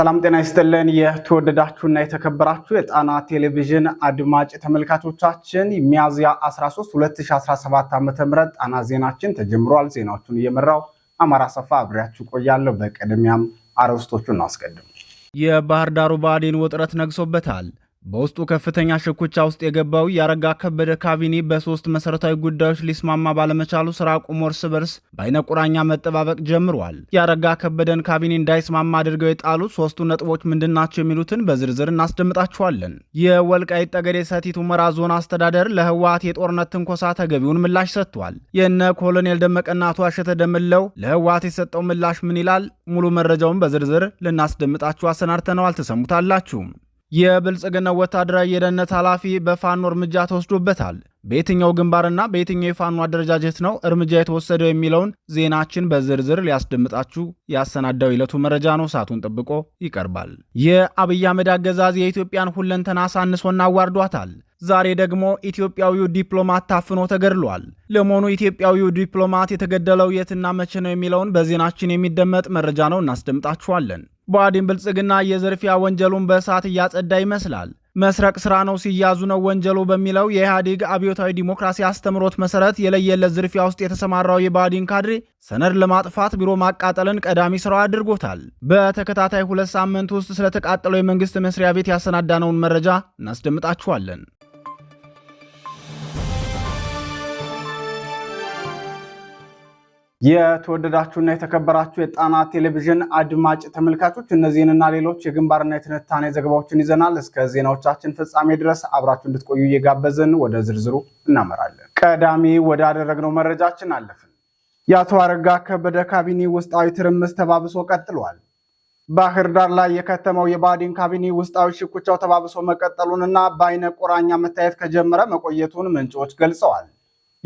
ሰላም ጤና ይስጥልን። የተወደዳችሁና የተከበራችሁ የጣና ቴሌቪዥን አድማጭ ተመልካቾቻችን ሚያዝያ 13 2017 ዓ.ም ጣና ዜናችን ተጀምሯል። ዜናዎቹን እየመራው አማራ ሰፋ አብሬያችሁ ቆያለሁ። በቅድሚያም አርዕስቶቹን አስቀድም የባህር ዳሩ ብአዴን ውጥረት ነግሶበታል። በውስጡ ከፍተኛ ሽኩቻ ውስጥ የገባው ያረጋ ከበደ ካቢኔ በሶስት መሰረታዊ ጉዳዮች ሊስማማ ባለመቻሉ ስራ አቁሞ እርስ በርስ በአይነ ቁራኛ መጠባበቅ ጀምሯል። ያረጋ ከበደን ካቢኔ እንዳይስማማ አድርገው የጣሉት ሶስቱ ነጥቦች ምንድናቸው? የሚሉትን በዝርዝር እናስደምጣችኋለን። የወልቃይት ጠገዴ ሰቲት ሁመራ ዞን አስተዳደር ለህወሓት የጦርነት ትንኮሳ ተገቢውን ምላሽ ሰጥቷል። የነ ኮሎኔል ደመቀና አቶ አሸተ ደምለው ለህወሓት የሰጠው ምላሽ ምን ይላል? ሙሉ መረጃውን በዝርዝር ልናስደምጣችሁ አሰናድተነዋል። ትሰሙታላችሁ። የብልጽግና ወታደራዊ የደህንነት ኃላፊ በፋኖ እርምጃ ተወስዶበታል። በየትኛው ግንባርና በየትኛው የፋኖ አደረጃጀት ነው እርምጃ የተወሰደው የሚለውን ዜናችን በዝርዝር ሊያስደምጣችሁ ያሰናዳው ዕለቱ መረጃ ነው። ሰዓቱን ጠብቆ ይቀርባል። የአብይ አህመድ አገዛዝ የኢትዮጵያን ሁለንተና አሳንሶና አዋርዷታል። ዛሬ ደግሞ ኢትዮጵያዊው ዲፕሎማት ታፍኖ ተገድሏል። ለመሆኑ ኢትዮጵያዊው ዲፕሎማት የተገደለው የትና መቼ ነው የሚለውን በዜናችን የሚደመጥ መረጃ ነው፣ እናስደምጣችኋለን። ብአዴን ብልጽግና የዝርፊያ ወንጀሉን በእሳት እያጸዳ ይመስላል። መስረቅ ስራ ነው ሲያዙ ነው ወንጀሉ በሚለው የኢህአዴግ አብዮታዊ ዲሞክራሲ አስተምሮት መሰረት የለየለት ዝርፊያ ውስጥ የተሰማራው የብአዴን ካድሬ ሰነድ ለማጥፋት ቢሮ ማቃጠልን ቀዳሚ ስራው አድርጎታል። በተከታታይ ሁለት ሳምንት ውስጥ ስለተቃጠለው የመንግስት መስሪያ ቤት ያሰናዳነውን መረጃ እናስደምጣችኋለን። የተወደዳችሁና የተከበራችሁ የጣና ቴሌቪዥን አድማጭ ተመልካቾች እነዚህንና ሌሎች የግንባርና የትንታኔ ዘገባዎችን ይዘናል። እስከ ዜናዎቻችን ፍጻሜ ድረስ አብራችሁ እንድትቆዩ እየጋበዝን ወደ ዝርዝሩ እናመራለን። ቀዳሚ ወዳደረግነው መረጃችን አለፍን። የአቶ አረጋ ከበደ ካቢኔ ውስጣዊ ትርምስ ተባብሶ ቀጥሏል። ባህር ዳር ላይ የከተመው የባዲን ካቢኔ ውስጣዊ ሽኩቻው ተባብሶ መቀጠሉንና በአይነ ቁራኛ መታየት ከጀመረ መቆየቱን ምንጮች ገልጸዋል።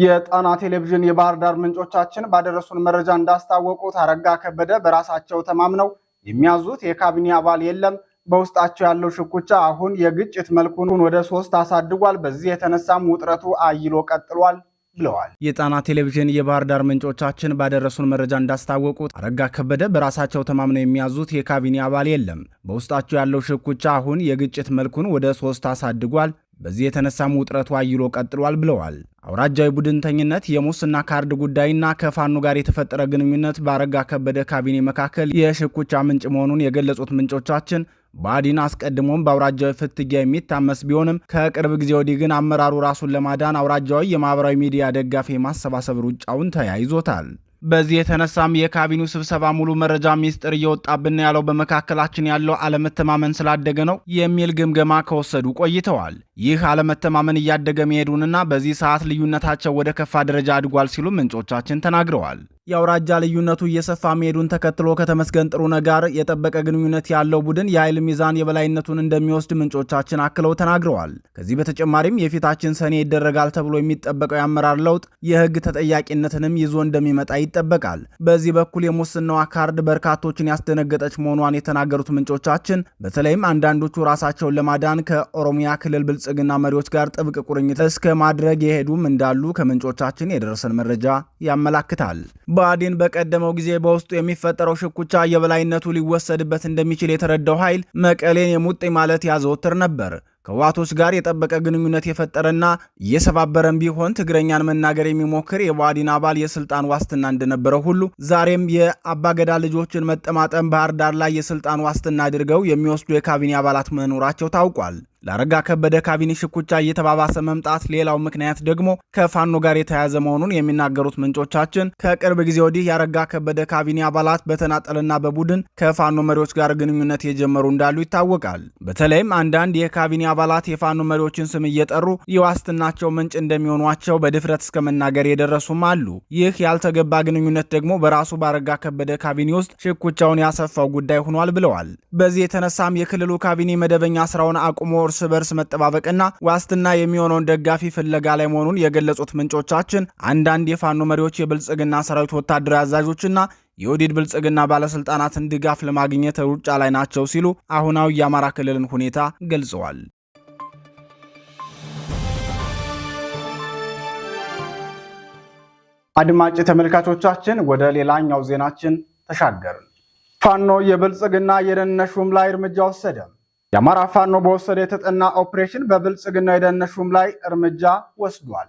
የጣና ቴሌቪዥን የባህር ዳር ምንጮቻችን ባደረሱን መረጃ እንዳስታወቁት አረጋ ከበደ በራሳቸው ተማምነው የሚያዙት የካቢኔ አባል የለም። በውስጣቸው ያለው ሽኩቻ አሁን የግጭት መልኩን ወደ ሶስት አሳድጓል። በዚህ የተነሳም ውጥረቱ አይሎ ቀጥሏል ብለዋል። የጣና ቴሌቪዥን የባህር ዳር ምንጮቻችን ባደረሱን መረጃ እንዳስታወቁት አረጋ ከበደ በራሳቸው ተማምነው የሚያዙት የካቢኔ አባል የለም። በውስጣቸው ያለው ሽኩቻ አሁን የግጭት መልኩን ወደ ሶስት አሳድጓል። በዚህ የተነሳም ውጥረቱ አይሎ ቀጥሏል ብለዋል። አውራጃዊ ቡድንተኝነት፣ የሙስና ካርድ ጉዳይና ከፋኖ ጋር የተፈጠረ ግንኙነት በአረጋ ከበደ ካቢኔ መካከል የሽኩቻ ምንጭ መሆኑን የገለጹት ምንጮቻችን ብአዴን አስቀድሞም በአውራጃዊ ፍትጊያ የሚታመስ ቢሆንም ከቅርብ ጊዜ ወዲህ ግን አመራሩ ራሱን ለማዳን አውራጃዊ የማህበራዊ ሚዲያ ደጋፊ ማሰባሰብ ሩጫውን ተያይዞታል። በዚህ የተነሳም የካቢኑ ስብሰባ ሙሉ መረጃ ሚስጥር እየወጣብን ያለው በመካከላችን ያለው አለመተማመን ስላደገ ነው የሚል ግምገማ ከወሰዱ ቆይተዋል። ይህ አለመተማመን እያደገ መሄዱንና በዚህ ሰዓት ልዩነታቸው ወደ ከፋ ደረጃ አድጓል ሲሉ ምንጮቻችን ተናግረዋል። የአውራጃ ልዩነቱ እየሰፋ መሄዱን ተከትሎ ከተመስገን ጥሩነህ ጋር የጠበቀ ግንኙነት ያለው ቡድን የኃይል ሚዛን የበላይነቱን እንደሚወስድ ምንጮቻችን አክለው ተናግረዋል። ከዚህ በተጨማሪም የፊታችን ሰኔ ይደረጋል ተብሎ የሚጠበቀው የአመራር ለውጥ የህግ ተጠያቂነትንም ይዞ እንደሚመጣ ይጠበቃል። በዚህ በኩል የሙስናዋ ካርድ በርካቶችን ያስደነገጠች መሆኗን የተናገሩት ምንጮቻችን በተለይም አንዳንዶቹ ራሳቸውን ለማዳን ከኦሮሚያ ክልል ብልጽግና መሪዎች ጋር ጥብቅ ቁርኝት እስከ ማድረግ የሄዱም እንዳሉ ከምንጮቻችን የደረሰን መረጃ ያመላክታል። ብአዴን በቀደመው ጊዜ በውስጡ የሚፈጠረው ሽኩቻ የበላይነቱ ሊወሰድበት እንደሚችል የተረዳው ኃይል መቀሌን የሙጤ ማለት ያዘወትር ነበር። ከህወሓቶች ጋር የጠበቀ ግንኙነት የፈጠረና እየሰባበረን ቢሆን ትግረኛን መናገር የሚሞክር የብአዴን አባል የስልጣን ዋስትና እንደነበረው ሁሉ ዛሬም የአባገዳ ልጆችን መጠማጠም ባህር ዳር ላይ የስልጣን ዋስትና አድርገው የሚወስዱ የካቢኔ አባላት መኖራቸው ታውቋል። ለአረጋ ከበደ ካቢኔ ሽኩቻ እየተባባሰ መምጣት ሌላው ምክንያት ደግሞ ከፋኖ ጋር የተያያዘ መሆኑን የሚናገሩት ምንጮቻችን ከቅርብ ጊዜ ወዲህ የአረጋ ከበደ ካቢኔ አባላት በተናጠልና በቡድን ከፋኖ መሪዎች ጋር ግንኙነት የጀመሩ እንዳሉ ይታወቃል። በተለይም አንዳንድ የካቢኔ አባላት የፋኖ መሪዎችን ስም እየጠሩ የዋስትናቸው ምንጭ እንደሚሆኗቸው በድፍረት እስከ መናገር የደረሱም አሉ። ይህ ያልተገባ ግንኙነት ደግሞ በራሱ በአረጋ ከበደ ካቢኔ ውስጥ ሽኩቻውን ያሰፋው ጉዳይ ሆኗል ብለዋል። በዚህ የተነሳም የክልሉ ካቢኔ መደበኛ ስራውን አቁሞ እርስ በርስ መጠባበቅና ዋስትና የሚሆነውን ደጋፊ ፍለጋ ላይ መሆኑን የገለጹት ምንጮቻችን አንዳንድ የፋኖ መሪዎች የብልጽግና ሰራዊት ወታደራዊ አዛዦችና የወዲድ ብልጽግና ባለስልጣናትን ድጋፍ ለማግኘት ሩጫ ላይ ናቸው ሲሉ አሁናዊ የአማራ ክልልን ሁኔታ ገልጸዋል። አድማጭ ተመልካቾቻችን ወደ ሌላኛው ዜናችን ተሻገርን። ፋኖ የብልጽግና የደነሹም ላይ እርምጃ ወሰደ። የአማራ ፋኖ በወሰደ የተጠና ኦፕሬሽን በብልጽግና የደህንነት ሹም ላይ እርምጃ ወስዷል።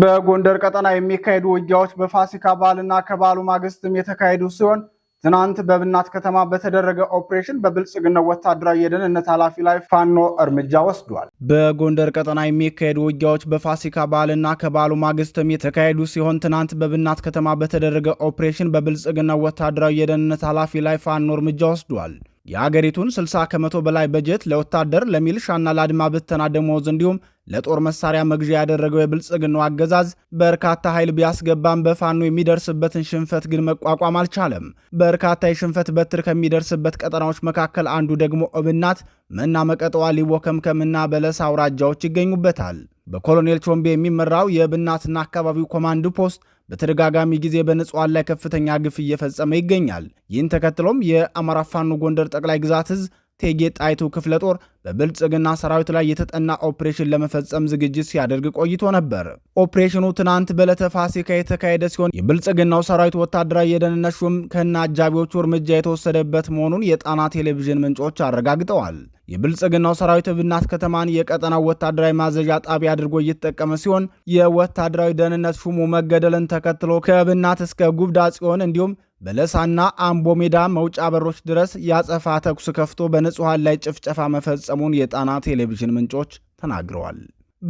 በጎንደር ቀጠና የሚካሄዱ ውጊያዎች በፋሲካ በዓልና ከበዓሉ ማግስትም የተካሄዱ ሲሆን ትናንት በብናት ከተማ በተደረገ ኦፕሬሽን በብልጽግና ወታደራዊ የደህንነት ኃላፊ ላይ ፋኖ እርምጃ ወስዷል። በጎንደር ቀጠና የሚካሄዱ ውጊያዎች በፋሲካ በዓልና ከበዓሉ ማግስትም የተካሄዱ ሲሆን ትናንት በብናት ከተማ በተደረገ ኦፕሬሽን በብልጽግና ወታደራዊ የደህንነት ኃላፊ ላይ ፋኖ እርምጃ ወስዷል። የአገሪቱን 60 ከመቶ በላይ በጀት ለወታደር ለሚልሻና ለአድማ ብተና ደሞዝ እንዲሁም ለጦር መሳሪያ መግዣ ያደረገው የብልጽግናው አገዛዝ በርካታ ኃይል ቢያስገባም በፋኖ የሚደርስበትን ሽንፈት ግን መቋቋም አልቻለም። በርካታ የሽንፈት በትር ከሚደርስበት ቀጠናዎች መካከል አንዱ ደግሞ እብናት፣ መና መቀጠዋ፣ ሊቦ ከምከምና በለሳ አውራጃዎች ይገኙበታል። በኮሎኔል ቾምቤ የሚመራው የእብናትና አካባቢው ኮማንድ ፖስት በተደጋጋሚ ጊዜ በንጹሐን ላይ ከፍተኛ ግፍ እየፈጸመ ይገኛል። ይህን ተከትሎም የአማራ ፋኖ ጎንደር ጠቅላይ ግዛት ህዝብ ቴጌ ጣይቱ ክፍለ ጦር በብልጽግና ሰራዊት ላይ የተጠና ኦፕሬሽን ለመፈጸም ዝግጅት ሲያደርግ ቆይቶ ነበር። ኦፕሬሽኑ ትናንት በዕለተ ፋሲካ የተካሄደ ሲሆን የብልጽግናው ሰራዊት ወታደራዊ የደህንነት ሹም ከነ አጃቢዎቹ እርምጃ የተወሰደበት መሆኑን የጣና ቴሌቪዥን ምንጮች አረጋግጠዋል። የብልጽግናው ሰራዊት ብናት ከተማን የቀጠናው ወታደራዊ ማዘዣ ጣቢያ አድርጎ እየተጠቀመ ሲሆን የወታደራዊ ደህንነት ሹሙ መገደልን ተከትሎ ከብናት እስከ ጉብዳ ጽዮን እንዲሁም በለሳና አምቦ ሜዳ መውጫ በሮች ድረስ ያጸፋ ተኩስ ከፍቶ በንጹሐን ላይ ጭፍጨፋ መፈጸሙን የጣና ቴሌቪዥን ምንጮች ተናግረዋል።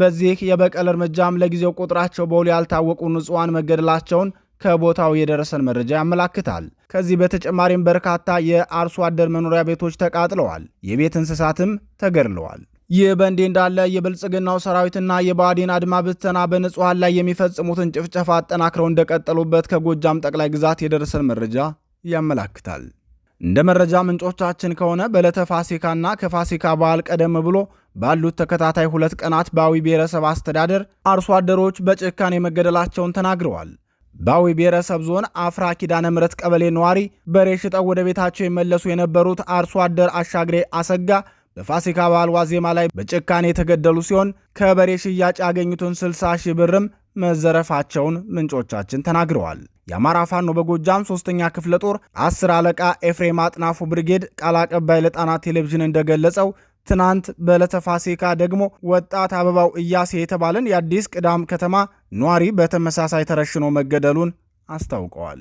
በዚህ የበቀል እርምጃም ለጊዜው ቁጥራቸው በውል ያልታወቁ ንጹሐን መገደላቸውን ከቦታው የደረሰን መረጃ ያመላክታል። ከዚህ በተጨማሪም በርካታ የአርሶ አደር መኖሪያ ቤቶች ተቃጥለዋል፣ የቤት እንስሳትም ተገድለዋል። ይህ በእንዲህ እንዳለ የብልጽግናው ሰራዊትና የባዴን አድማ ብተና በንጹሐን ላይ የሚፈጽሙትን ጭፍጨፋ አጠናክረው እንደቀጠሉበት ከጎጃም ጠቅላይ ግዛት የደረሰን መረጃ ያመላክታል። እንደ መረጃ ምንጮቻችን ከሆነ በዕለተ ፋሲካና ከፋሲካ በዓል ቀደም ብሎ ባሉት ተከታታይ ሁለት ቀናት በአዊ ብሔረሰብ አስተዳደር አርሶ አደሮች በጭካኔ መገደላቸውን ተናግረዋል። በአዊ ብሔረሰብ ዞን አፍራ ኪዳነ ምረት ቀበሌ ነዋሪ በሬ ሽጠው ወደ ቤታቸው የመለሱ የነበሩት አርሶ አደር አሻግሬ አሰጋ በፋሲካ በዓል ዋዜማ ላይ በጭካኔ የተገደሉ ሲሆን ከበሬ ሽያጭ ያገኙትን 60 ሺህ ብርም መዘረፋቸውን ምንጮቻችን ተናግረዋል። የአማራ ፋኖ በጎጃም ሶስተኛ ክፍለ ጦር አስር አለቃ ኤፍሬም አጥናፉ ብርጌድ ቃል አቀባይ ለጣና ቴሌቪዥን እንደገለጸው ትናንት በዕለተ ፋሲካ ደግሞ ወጣት አበባው እያሴ የተባለን የአዲስ ቅዳም ከተማ ኗሪ በተመሳሳይ ተረሽኖ መገደሉን አስታውቀዋል።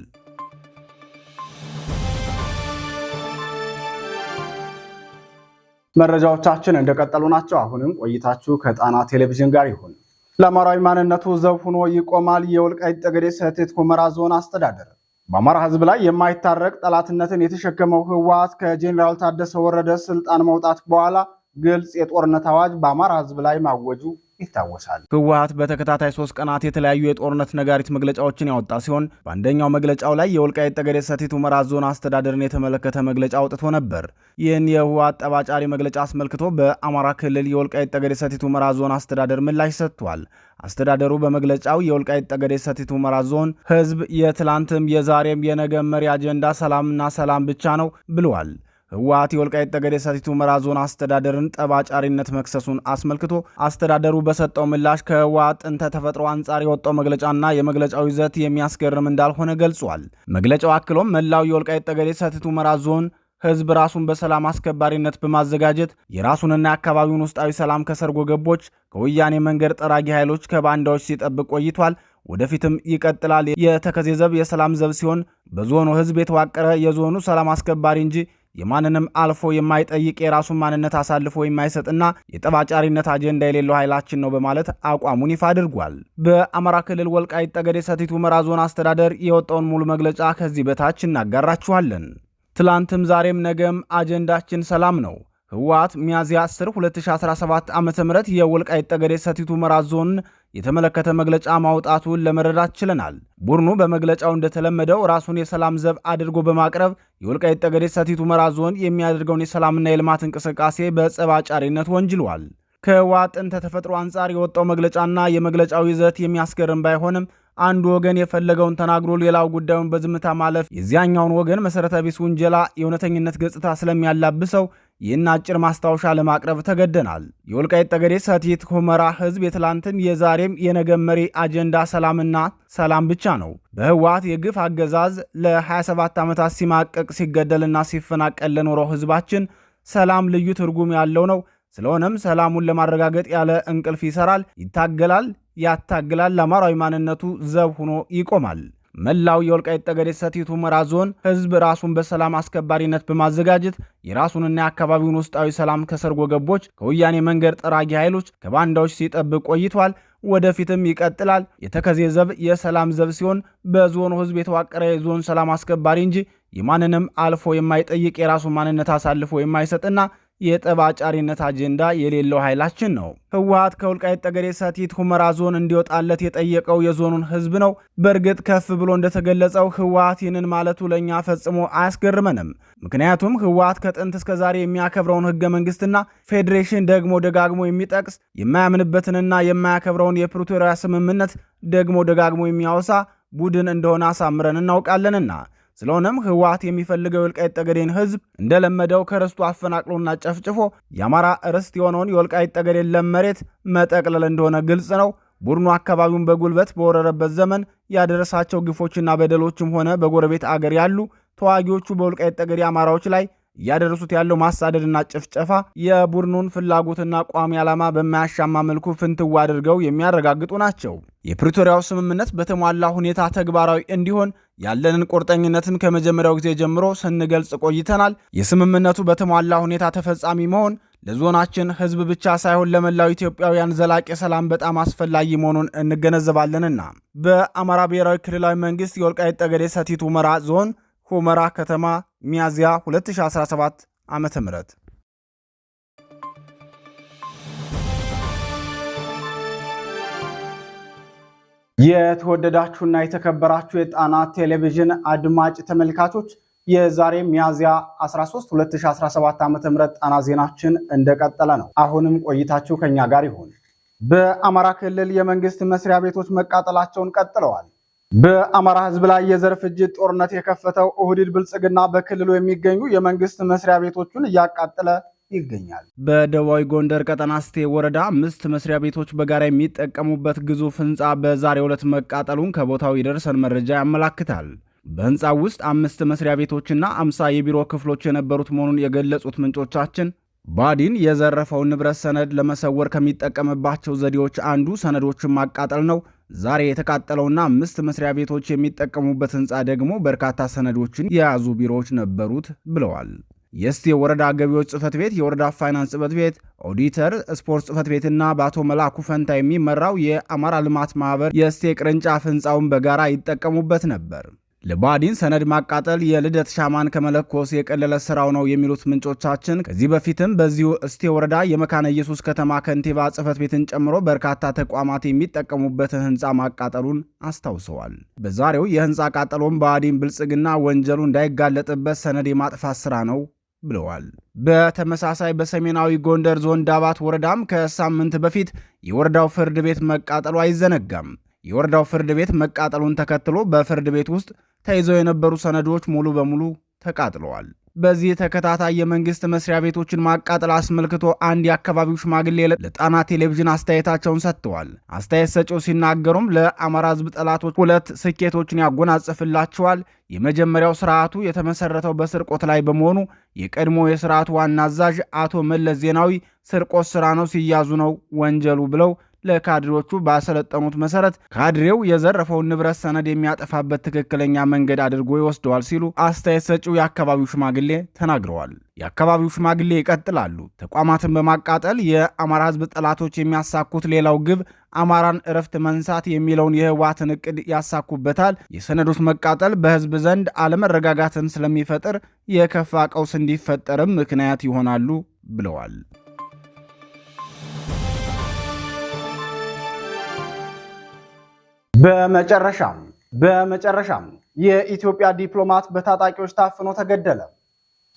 መረጃዎቻችን እንደቀጠሉ ናቸው። አሁንም ቆይታችሁ ከጣና ቴሌቪዥን ጋር ይሁን። ለአማራዊ ማንነቱ ዘብ ሆኖ ይቆማል የወልቃይት ጠገዴ ሰቲት ሁመራ ዞን አስተዳደር። በአማራ ህዝብ ላይ የማይታረቅ ጠላትነትን የተሸከመው ህወሓት ከጄኔራል ታደሰ ወረደ ስልጣን መውጣት በኋላ ግልጽ የጦርነት አዋጅ በአማራ ህዝብ ላይ ማወጁ ይታወሳል። ህወሀት በተከታታይ ሶስት ቀናት የተለያዩ የጦርነት ነጋሪት መግለጫዎችን ያወጣ ሲሆን በአንደኛው መግለጫው ላይ የወልቃይት ጠገዴ ሰቲት ሁመራ ዞን አስተዳደርን የተመለከተ መግለጫ አውጥቶ ነበር። ይህን የህወሀት ጠባጫሪ መግለጫ አስመልክቶ በአማራ ክልል የወልቃይት ጠገዴ ሰቲት ሁመራ ዞን አስተዳደር ምላሽ ሰጥቷል። አስተዳደሩ በመግለጫው የወልቃይት ጠገዴ ሰቲት ሁመራ ዞን ህዝብ የትላንትም የዛሬም የነገ መሪ አጀንዳ ሰላምና ሰላም ብቻ ነው ብለዋል። ህወሓት የወልቃይት ጠገዴ ሰቲት ሁመራ ዞን አስተዳደርን ጠባጫሪነት መክሰሱን አስመልክቶ አስተዳደሩ በሰጠው ምላሽ ከህወሓት ጥንተ ተፈጥሮ አንጻር የወጣው መግለጫና የመግለጫው ይዘት የሚያስገርም እንዳልሆነ ገልጿል። መግለጫው አክሎም መላው የወልቃይት ጠገዴ ሰቲት ሁመራ ዞን ህዝብ ራሱን በሰላም አስከባሪነት በማዘጋጀት የራሱንና የአካባቢውን ውስጣዊ ሰላም ከሰርጎ ገቦች፣ ከወያኔ መንገድ ጠራጊ ኃይሎች፣ ከባንዳዎች ሲጠብቅ ቆይቷል። ወደፊትም ይቀጥላል። የተከዜ ዘብ የሰላም ዘብ ሲሆን በዞኑ ህዝብ የተዋቀረ የዞኑ ሰላም አስከባሪ እንጂ የማንንም አልፎ የማይጠይቅ የራሱን ማንነት አሳልፎ የማይሰጥና የጠባጫሪነት አጀንዳ የሌለው ኃይላችን ነው በማለት አቋሙን ይፋ አድርጓል። በአማራ ክልል ወልቃይት ጠገዴ ሰቲት ሁመራ ዞን አስተዳደር የወጣውን ሙሉ መግለጫ ከዚህ በታች እናጋራችኋለን። ትላንትም ዛሬም ነገም አጀንዳችን ሰላም ነው። ህወሓት ሚያዝያ 10 2017 ዓ ም የወልቃይት ጠገዴ ሰቲት ሁመራ ዞን የተመለከተ መግለጫ ማውጣቱን ለመረዳት ችለናል። ቡድኑ በመግለጫው እንደተለመደው ራሱን የሰላም ዘብ አድርጎ በማቅረብ የወልቃይት ጠገዴ ሰቲት ሁመራ ዞን የሚያደርገውን የሰላምና የልማት እንቅስቃሴ በጸብ አጫሪነት ወንጅሏል። ከህወሓት ጥንተ ተፈጥሮ አንጻር የወጣው መግለጫና የመግለጫው ይዘት የሚያስገርም ባይሆንም አንዱ ወገን የፈለገውን ተናግሮ ሌላው ጉዳዩን በዝምታ ማለፍ የዚያኛውን ወገን መሰረተ ቢስ ውንጀላ የእውነተኝነት ገጽታ ስለሚያላብሰው ይህን አጭር ማስታወሻ ለማቅረብ ተገደናል። የወልቃይት ጠገዴ ሰቲት ሁመራ ህዝብ የትላንትም የዛሬም የነገም መሪ አጀንዳ ሰላምና ሰላም ብቻ ነው። በህወሓት የግፍ አገዛዝ ለ27 ዓመታት ሲማቀቅ ሲገደልና ሲፈናቀል ለኖረው ህዝባችን ሰላም ልዩ ትርጉም ያለው ነው። ስለሆነም ሰላሙን ለማረጋገጥ ያለ እንቅልፍ ይሰራል፣ ይታገላል፣ ያታግላል። ለአማራዊ ማንነቱ ዘብ ሆኖ ይቆማል። መላው የወልቃይት ጠገዴ ሰቲት ሁመራ ዞን ህዝብ ራሱን በሰላም አስከባሪነት በማዘጋጀት የራሱንና የአካባቢውን ውስጣዊ ሰላም ከሰርጎ ገቦች፣ ከወያኔ መንገድ ጠራጊ ኃይሎች፣ ከባንዳዎች ሲጠብቅ ቆይቷል። ወደፊትም ይቀጥላል። የተከዜ ዘብ የሰላም ዘብ ሲሆን በዞኑ ህዝብ የተዋቀረ የዞን ሰላም አስከባሪ እንጂ የማንንም አልፎ የማይጠይቅ የራሱን ማንነት አሳልፎ የማይሰጥና የጠባጫሪነት አጀንዳ የሌለው ኃይላችን ነው። ህወሀት ከውልቃይት ጠገዴ ሰቲት ሁመራ ዞን እንዲወጣለት የጠየቀው የዞኑን ህዝብ ነው። በእርግጥ ከፍ ብሎ እንደተገለጸው ህወሀት ይህንን ማለቱ ለእኛ ፈጽሞ አያስገርመንም። ምክንያቱም ህወሀት ከጥንት እስከ ዛሬ የሚያከብረውን ህገ መንግስትና ፌዴሬሽን ደግሞ ደጋግሞ የሚጠቅስ የማያምንበትንና የማያከብረውን የፕሪቶሪያ ስምምነት ደግሞ ደጋግሞ የሚያወሳ ቡድን እንደሆነ አሳምረን እናውቃለንና ስለሆነም ህወሓት የሚፈልገው የወልቃይት ጠገዴን ህዝብ እንደለመደው ከርስቱ አፈናቅሎና ጨፍጭፎ የአማራ ርስት የሆነውን የወልቃይት ጠገዴን ለመሬት መጠቅለል እንደሆነ ግልጽ ነው። ቡድኑ አካባቢውን በጉልበት በወረረበት ዘመን ያደረሳቸው ግፎችና በደሎችም ሆነ በጎረቤት አገር ያሉ ተዋጊዎቹ በወልቃይት ጠገዴ አማራዎች ላይ እያደረሱት ያለው ማሳደድና ጭፍጨፋ የቡድኑን ፍላጎትና ቋሚ ዓላማ በማያሻማ መልኩ ፍንትዋ አድርገው የሚያረጋግጡ ናቸው። የፕሪቶሪያው ስምምነት በተሟላ ሁኔታ ተግባራዊ እንዲሆን ያለንን ቁርጠኝነትን ከመጀመሪያው ጊዜ ጀምሮ ስንገልጽ ቆይተናል። የስምምነቱ በተሟላ ሁኔታ ተፈጻሚ መሆን ለዞናችን ሕዝብ ብቻ ሳይሆን ለመላው ኢትዮጵያውያን ዘላቂ ሰላም በጣም አስፈላጊ መሆኑን እንገነዘባለንና በአማራ ብሔራዊ ክልላዊ መንግስት የወልቃይት ጠገዴ ሰቲት ሁመራ ዞን ሁመራ ከተማ ሚያዝያ 2017 ዓ ም የተወደዳችሁና የተከበራችሁ የጣና ቴሌቪዥን አድማጭ ተመልካቾች የዛሬ ሚያዝያ 13 2017 ዓ.ም ጣና ዜናችን እንደቀጠለ ነው። አሁንም ቆይታችሁ ከኛ ጋር ይሁን። በአማራ ክልል የመንግስት መስሪያ ቤቶች መቃጠላቸውን ቀጥለዋል። በአማራ ህዝብ ላይ የዘር ፍጅት ጦርነት የከፈተው ኦህዴድ ብልጽግና በክልሉ የሚገኙ የመንግስት መስሪያ ቤቶቹን እያቃጠለ ይገኛል። በደቡባዊ ጎንደር ቀጠና ስቴ ወረዳ አምስት መስሪያ ቤቶች በጋራ የሚጠቀሙበት ግዙፍ ህንፃ በዛሬው ዕለት መቃጠሉን ከቦታው የደርሰን መረጃ ያመላክታል። በህንፃው ውስጥ አምስት መስሪያ ቤቶችና አምሳ የቢሮ ክፍሎች የነበሩት መሆኑን የገለጹት ምንጮቻችን ባዲን የዘረፈውን ንብረት ሰነድ ለመሰወር ከሚጠቀምባቸው ዘዴዎች አንዱ ሰነዶችን ማቃጠል ነው። ዛሬ የተቃጠለውና አምስት መስሪያ ቤቶች የሚጠቀሙበት ህንፃ ደግሞ በርካታ ሰነዶችን የያዙ ቢሮዎች ነበሩት ብለዋል። የእስቴ የወረዳ ገቢዎች ጽህፈት ቤት፣ የወረዳ ፋይናንስ ጽህፈት ቤት፣ ኦዲተር ስፖርት ጽህፈት ቤትና በአቶ መላኩ ፈንታ የሚመራው የአማራ ልማት ማህበር የእስቴ ቅርንጫፍ ህንፃውን በጋራ ይጠቀሙበት ነበር። ለባዲን ሰነድ ማቃጠል የልደት ሻማን ከመለኮስ የቀለለ ስራው ነው የሚሉት ምንጮቻችን ከዚህ በፊትም በዚሁ እስቴ ወረዳ የመካነ ኢየሱስ ከተማ ከንቲባ ጽህፈት ቤትን ጨምሮ በርካታ ተቋማት የሚጠቀሙበትን ህንፃ ማቃጠሉን አስታውሰዋል። በዛሬው የህንፃ ቃጠሎም ባዲን ብልጽግና ወንጀሉ እንዳይጋለጥበት ሰነድ የማጥፋት ስራ ነው ብለዋል። በተመሳሳይ በሰሜናዊ ጎንደር ዞን ዳባት ወረዳም ከሳምንት በፊት የወረዳው ፍርድ ቤት መቃጠሉ አይዘነጋም። የወረዳው ፍርድ ቤት መቃጠሉን ተከትሎ በፍርድ ቤት ውስጥ ተይዘው የነበሩ ሰነዶች ሙሉ በሙሉ ተቃጥለዋል። በዚህ ተከታታይ የመንግስት መስሪያ ቤቶችን ማቃጠል አስመልክቶ አንድ የአካባቢው ሽማግሌ ለጣና ቴሌቪዥን አስተያየታቸውን ሰጥተዋል። አስተያየት ሰጪው ሲናገሩም ለአማራ ህዝብ ጠላቶች ሁለት ስኬቶችን ያጎናጽፍላቸዋል። የመጀመሪያው ስርዓቱ የተመሰረተው በስርቆት ላይ በመሆኑ የቀድሞ የስርዓቱ ዋና አዛዥ አቶ መለስ ዜናዊ ስርቆት ስራ ነው ሲያዙ ነው ወንጀሉ ብለው ለካድሬዎቹ ባሰለጠኑት መሰረት ካድሬው የዘረፈውን ንብረት ሰነድ የሚያጠፋበት ትክክለኛ መንገድ አድርጎ ይወስደዋል ሲሉ አስተያየት ሰጪው የአካባቢው ሽማግሌ ተናግረዋል። የአካባቢው ሽማግሌ ይቀጥላሉ። ተቋማትን በማቃጠል የአማራ ሕዝብ ጠላቶች የሚያሳኩት ሌላው ግብ አማራን እረፍት መንሳት የሚለውን የህወሓትን እቅድ ያሳኩበታል። የሰነዶች መቃጠል በህዝብ ዘንድ አለመረጋጋትን ስለሚፈጥር የከፋ ቀውስ እንዲፈጠርም ምክንያት ይሆናሉ ብለዋል። በመጨረሻም በመጨረሻም የኢትዮጵያ ዲፕሎማት በታጣቂዎች ታፍኖ ተገደለ።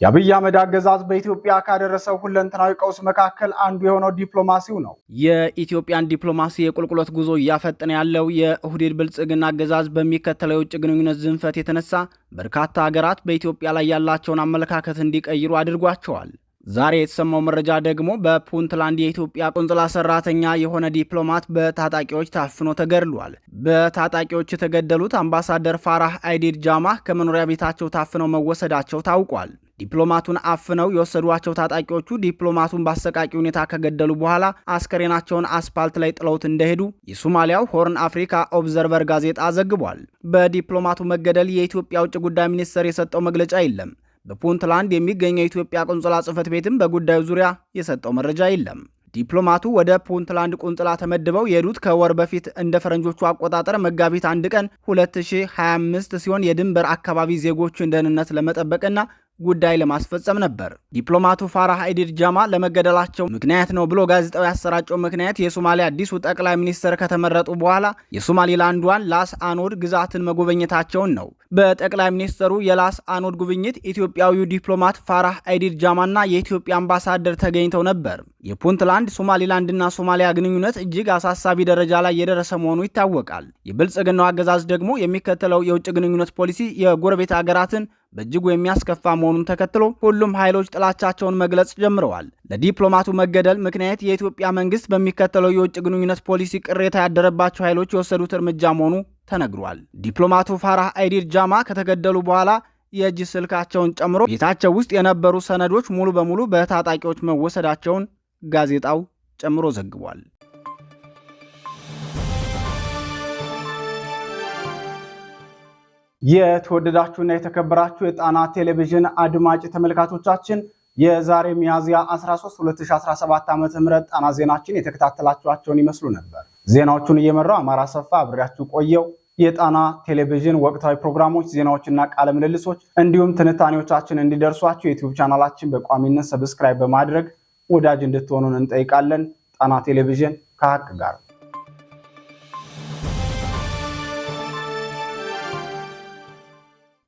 የአብይ አህመድ አገዛዝ በኢትዮጵያ ካደረሰው ሁለንተናዊ ቀውስ መካከል አንዱ የሆነው ዲፕሎማሲው ነው። የኢትዮጵያን ዲፕሎማሲ የቁልቁለት ጉዞ እያፈጠነ ያለው የኦህዴድ ብልጽግና አገዛዝ በሚከተለው የውጭ ግንኙነት ዝንፈት የተነሳ በርካታ ሀገራት በኢትዮጵያ ላይ ያላቸውን አመለካከት እንዲቀይሩ አድርጓቸዋል። ዛሬ የተሰማው መረጃ ደግሞ በፑንትላንድ የኢትዮጵያ ቆንጽላ ሰራተኛ የሆነ ዲፕሎማት በታጣቂዎች ታፍኖ ተገድሏል። በታጣቂዎች የተገደሉት አምባሳደር ፋራህ አይዲድ ጃማ ከመኖሪያ ቤታቸው ታፍነው መወሰዳቸው ታውቋል። ዲፕሎማቱን አፍነው የወሰዷቸው ታጣቂዎቹ ዲፕሎማቱን በአሰቃቂ ሁኔታ ከገደሉ በኋላ አስከሬናቸውን አስፓልት ላይ ጥለውት እንደሄዱ የሶማሊያው ሆርን አፍሪካ ኦብዘርቨር ጋዜጣ ዘግቧል። በዲፕሎማቱ መገደል የኢትዮጵያ ውጭ ጉዳይ ሚኒስቴር የሰጠው መግለጫ የለም። በፑንትላንድ የሚገኘው የኢትዮጵያ ቆንጽላ ጽህፈት ቤትም በጉዳዩ ዙሪያ የሰጠው መረጃ የለም። ዲፕሎማቱ ወደ ፑንትላንድ ቁንጽላ ተመድበው የሄዱት ከወር በፊት እንደ ፈረንጆቹ አቆጣጠር መጋቢት አንድ ቀን 2025 ሲሆን የድንበር አካባቢ ዜጎችን ደህንነት ለመጠበቅና ጉዳይ ለማስፈጸም ነበር። ዲፕሎማቱ ፋራህ አይዲድ ጃማ ለመገደላቸው ምክንያት ነው ብሎ ጋዜጣው ያሰራጨው ምክንያት የሶማሊያ አዲሱ ጠቅላይ ሚኒስትር ከተመረጡ በኋላ የሶማሊላንዷን ላስ አኖድ ግዛትን መጎበኘታቸውን ነው። በጠቅላይ ሚኒስትሩ የላስ አኖድ ጉብኝት ኢትዮጵያዊው ዲፕሎማት ፋራህ አይዲድ ጃማና የኢትዮጵያ አምባሳደር ተገኝተው ነበር። የፑንትላንድ ሶማሊላንድና ሶማሊያ ግንኙነት እጅግ አሳሳቢ ደረጃ ላይ የደረሰ መሆኑ ይታወቃል። የብልጽግናው አገዛዝ ደግሞ የሚከተለው የውጭ ግንኙነት ፖሊሲ የጎረቤት አገራትን በእጅጉ የሚያስከፋ መሆኑን ተከትሎ ሁሉም ኃይሎች ጥላቻቸውን መግለጽ ጀምረዋል። ለዲፕሎማቱ መገደል ምክንያት የኢትዮጵያ መንግስት በሚከተለው የውጭ ግንኙነት ፖሊሲ ቅሬታ ያደረባቸው ኃይሎች የወሰዱት እርምጃ መሆኑ ተነግሯል። ዲፕሎማቱ ፋራህ አይዲድ ጃማ ከተገደሉ በኋላ የእጅ ስልካቸውን ጨምሮ ቤታቸው ውስጥ የነበሩ ሰነዶች ሙሉ በሙሉ በታጣቂዎች መወሰዳቸውን ጋዜጣው ጨምሮ ዘግቧል። የተወደዳችሁና የተከበራችሁ የጣና ቴሌቪዥን አድማጭ ተመልካቾቻችን የዛሬ ሚያዝያ 13 2017 ዓ.ም ጣና ዜናችን የተከታተላችኋቸውን ይመስሉ ነበር። ዜናዎቹን እየመራው አማራ ሰፋ አብሬያችሁ ቆየው። የጣና ቴሌቪዥን ወቅታዊ ፕሮግራሞች፣ ዜናዎችና ቃለ ምልልሶች እንዲሁም ትንታኔዎቻችን እንዲደርሷችሁ የዩቲዩብ ቻናላችን በቋሚነት ሰብስክራይብ በማድረግ ወዳጅ እንድትሆኑን እንጠይቃለን። ጣና ቴሌቪዥን ከሀቅ ጋር